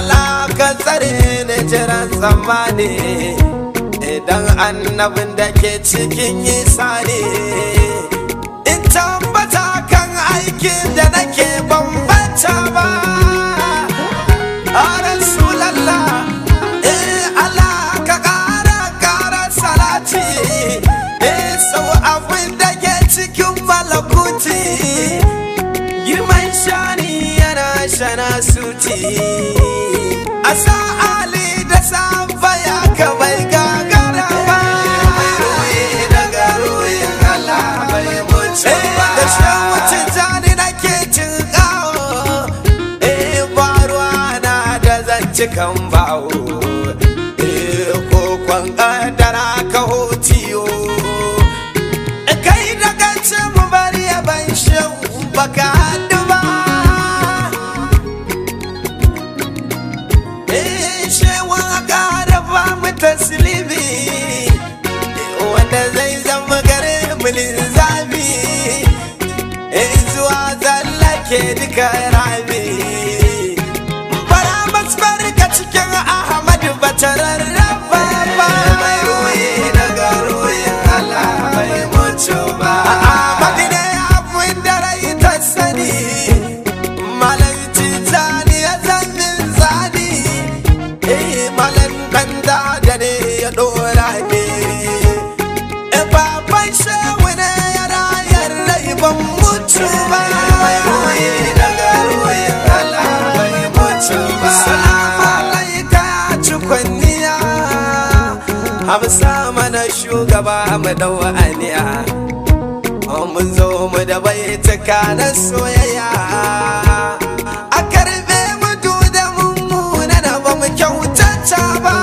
ala ka tsare ni jiran zamani idan annabin da ke cikin yi sani in tambata kan aikin da nake ban kana suti asa ali da safa ya ka bai gagara ba daga ruyin Allah eh, bai mutu ba da shan wucin zani nake cin kawo eh faruwa na da zance kan bawo eh kokon kai daga cin bari ya ban shan baka ke duka rabi bara masfarka cikin sa mana shugaba mu dau aniya mun zo mu da baituka na soyayya a karbe mutu da muna da ba mu kyautata ba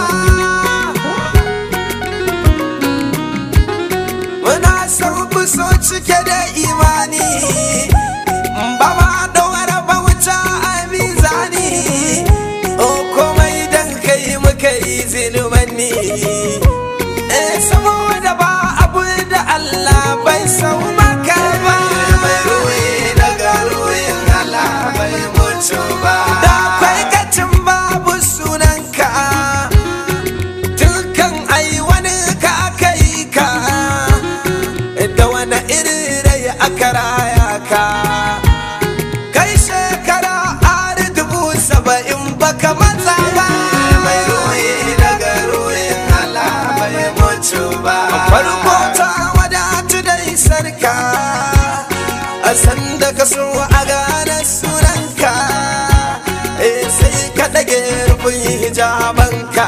muna san so cike da imani ka a sanda ka so a gane sunanka eh, sai ka ɗage rufin hijabanka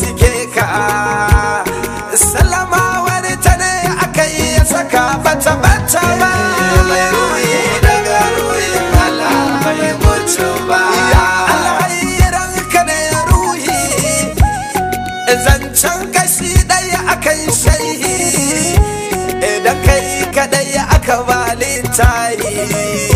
suke ka salama ta ne aka yi ya saka bata bata ba mai ruye daga ruye mala bai mutu ba alhairan ka ne ruhi zancen kashi ɗaya akan shaihi idan kai kaɗai aka ba littahi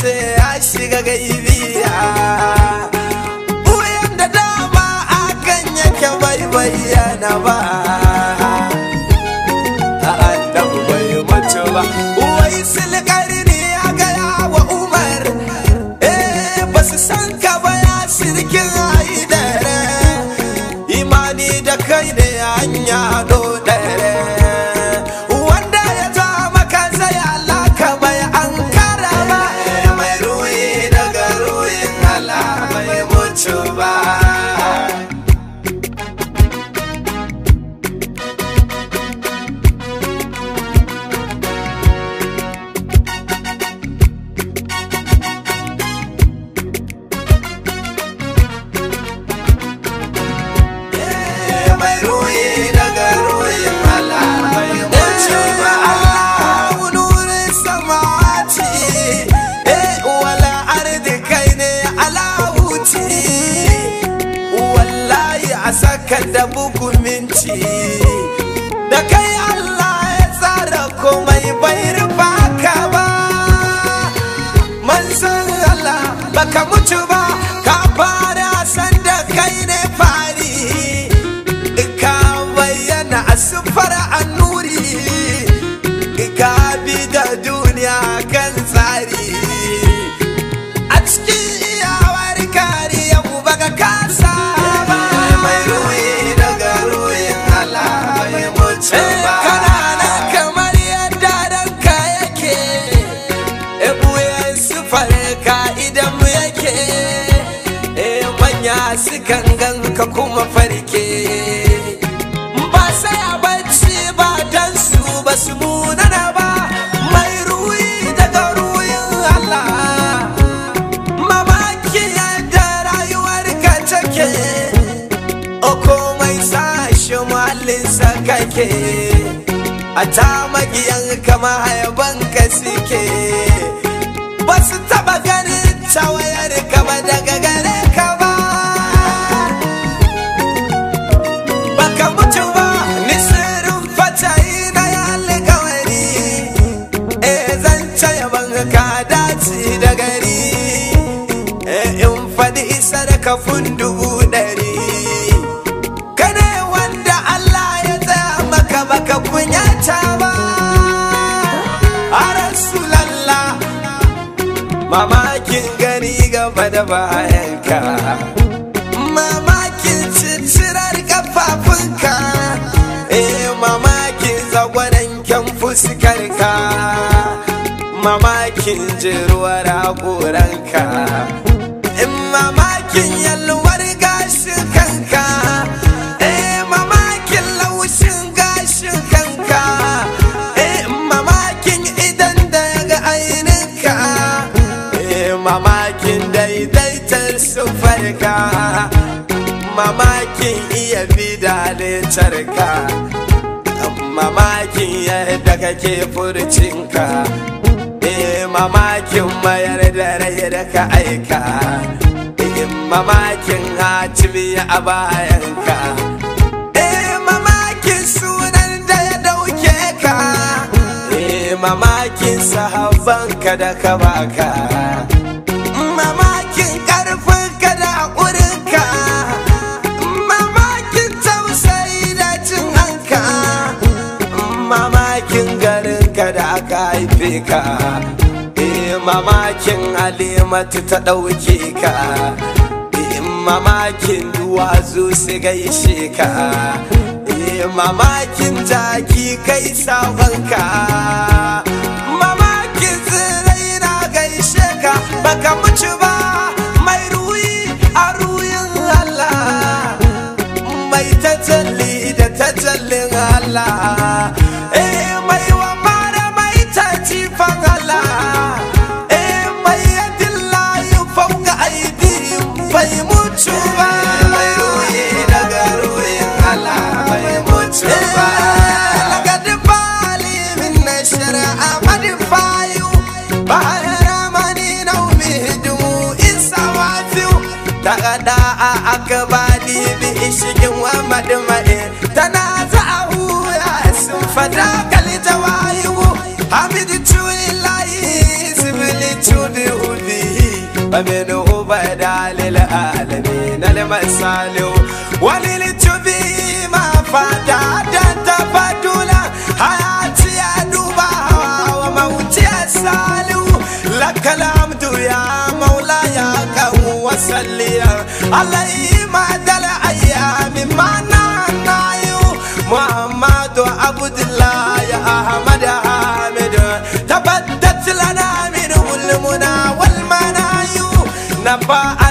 ce ya shiga ibiya buyan da dama akan yake bai bayyana ba that kuma farke ba sai a bacci ba dan su ba su munana ba mai ruwi daga ruwin Allah mamaki yadda rayuwar ka take o komai sashi sa kake a ta magiyan kama hayaban ka suke ba su taba ganin tawayar kama daga bayanka mamakin cicirar kafafunka eh mamakin zagwaron kyan fuskarka mamakin jeruwar haƙoranka in mamakin yalwar gashin kanka eh mamakin laushin gashin kanka eh mamakin idan da ga ainihinka eh mamakin tarka mamakin iya bida ne tarka mamakin yadda kake ka eh mamakin mayar da rai da ka aika eh, mamakin hatimi a ka eh mamakin sunan da ya dauke ka eh mamakin ka da ka baka mama girbe ka eh, mamakin Alimatu ta ɗauke ka eh, mamakin duwatsu su gaishe ka eh, mamakin jaki kai sabanka mamakin tsirai na gaishe ka baka mutu ba mai ruyi a ruyin Allah mai tattalin da tattalin Allah tuba mai ruhi daga ruhin Allah mai mutuba daga dubali min na shari'a madifayu bahar ramani na umi hidimu isa wafiu daga da'a akabali bi ishigin wa madimai tana za'ahu ya sun fada kalita wayu hamidi tuni layi sibili tuni ubi ba menu uba dalil ala Jema Salo. Walilicho vima fata data patula hayati ya duba wa mauti ya salu la kalamdu ya maula ya kahu wasalia alai madala ayami mana nayo Muhammadu Abdullah ya Ahmad Ahmed tabattat lana minhu المنى والمنايو نبأ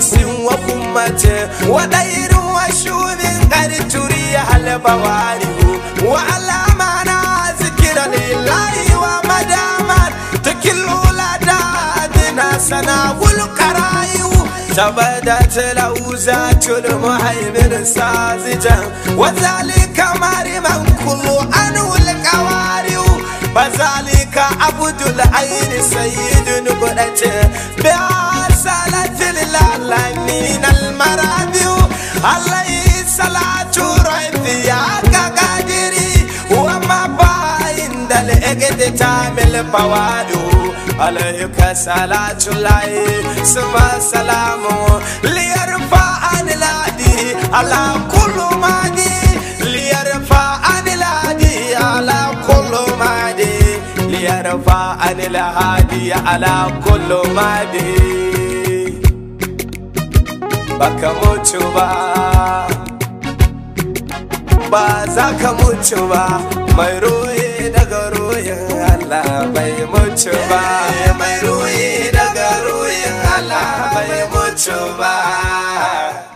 musin wakumace wada irin washu min garituri ya halaba wari wa alama na zikira lillahi wa madama tukilula da dina sana wulkarayu tabada talauza tul muhaibir sa zijan wa zalika mari man kullu anul qawariu bazalika abdul aini sayyidun budace bi alayhi salatu rabbi ya kagadiri wa maba indal egede tamil bawadu alayka salatu lahi suma salamu liyarfa aniladi ala kullu madi liyarfa aniladi ala kullu madi aniladi ala kullu madi baka mutu ba ba za ka mutu ba mai ruhi daga ruhin Allah bai mutu ba eh, mai ruhi daga ruhin Allah bai mutu ba